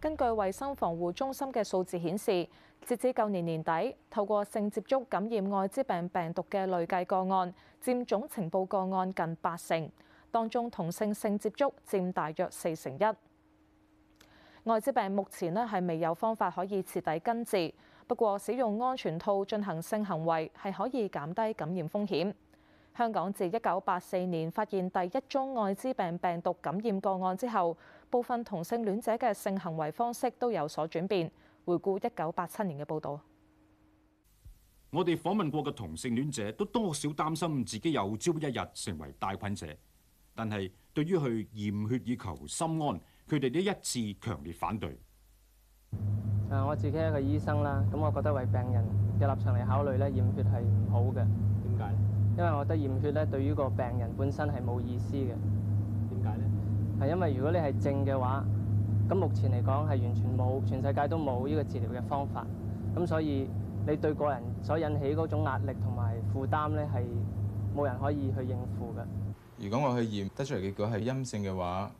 根據衛生防護中心嘅數字顯示，截至舊年年底，透過性接觸感染愛滋病病毒嘅累計個案，佔總呈報個案近八成，當中同性性接觸佔大約四成一。愛滋病目前呢係未有方法可以徹底根治，不過使用安全套進行性行為係可以減低感染風險。香港自一九八四年發現第一宗愛滋病病毒感染個案之後，部分同性戀者嘅性行為方式都有所轉變。回顧一九八七年嘅報道，我哋訪問過嘅同性戀者都多少擔心自己有朝一日成為帶菌者，但係對於去驗血以求心安，佢哋都一致強烈反對。誒，我自己係一個醫生啦，咁我覺得為病人嘅立場嚟考慮咧，驗血係唔好嘅。點解？因為我覺得驗血咧，對於個病人本身係冇意思嘅。點解呢？係因為如果你係正嘅話，咁目前嚟講係完全冇，全世界都冇呢個治療嘅方法。咁所以你對個人所引起嗰種壓力同埋負擔咧，係冇人可以去應付嘅。如果我去驗得出嚟結果係陰性嘅話，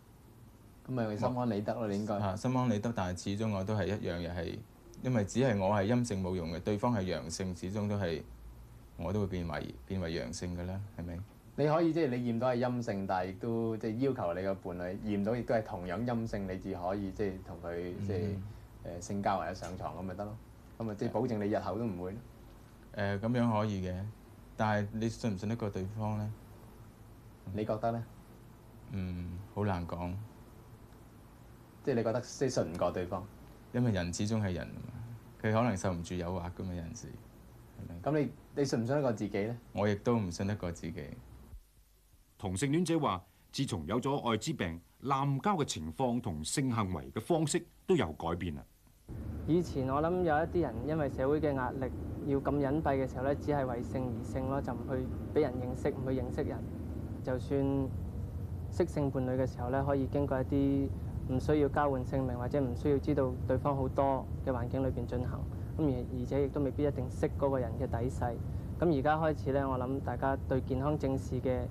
咁咪會心安理得咯，你應該。嚇，心安理得，但係始終我都係一樣，又係因為只係我係陰性冇用嘅，對方係陽性，始終都係我都會變為變為陽性嘅啦，係咪？你可以即係你驗到係陰性，但係亦都即係要求你個伴侶驗到，亦都係同樣陰性，你至可以即係同佢即係誒性交或者上牀咁咪得咯。咁啊，即係保證你日後都唔會咧。誒，咁樣可以嘅，但係你信唔信得過對方咧？你覺得咧？嗯，好難講，即係你覺得即係信唔過對方。因為人始終係人，佢可能受唔住誘惑咁嘅人事係咪？咁你你信唔信得過自己咧？我亦都唔信得過自己。同性戀者話：自從有咗愛滋病，濫交嘅情況同性行為嘅方式都有改變啦。以前我諗有一啲人因為社會嘅壓力，要咁隱蔽嘅時候咧，只係為性而性咯，就唔去俾人認識，唔去認識人。就算識性伴侶嘅時候咧，可以經過一啲唔需要交換姓名或者唔需要知道對方好多嘅環境裏邊進行。咁而而且亦都未必一定識嗰個人嘅底細。咁而家開始咧，我諗大家對健康正視嘅。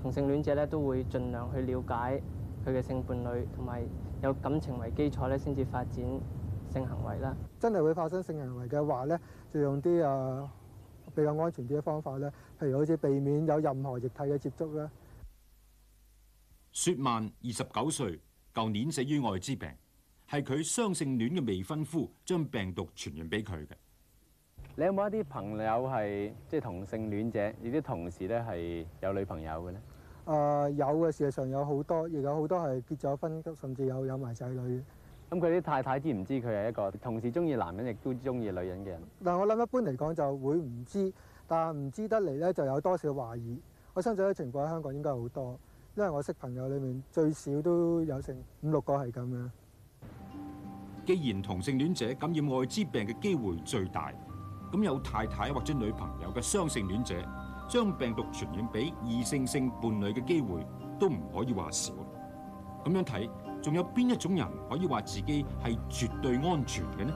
同性戀者咧都會盡量去了解佢嘅性伴侶，同埋有，有感情為基礎咧先至發展性行為啦。真係會發生性行為嘅話咧，就用啲啊比較安全啲嘅方法咧，譬如好似避免有任何液體嘅接觸啦。雪曼二十九歲，舊年死於愛滋病，係佢雙性戀嘅未婚夫將病毒傳染俾佢嘅。你有冇一啲朋友係即係同性戀者？你啲同事咧係有女朋友嘅咧？誒、呃、有嘅，事實上有好多，亦有好多係結咗婚，甚至有有埋仔女。咁佢啲太太知唔知佢係一個同時中意男人，亦都中意女人嘅人？嗱，我諗一般嚟講就會唔知，但係唔知得嚟咧就有多少懷疑。我相信呢情況喺香港應該好多，因為我識朋友裡面最少都有成五六個係咁樣。既然同性戀者感染愛滋病嘅機會最大，咁有太太或者女朋友嘅雙性戀者，將病毒傳染俾異性性伴侶嘅機會，都唔可以話少。咁樣睇，仲有邊一種人可以話自己係絕對安全嘅呢？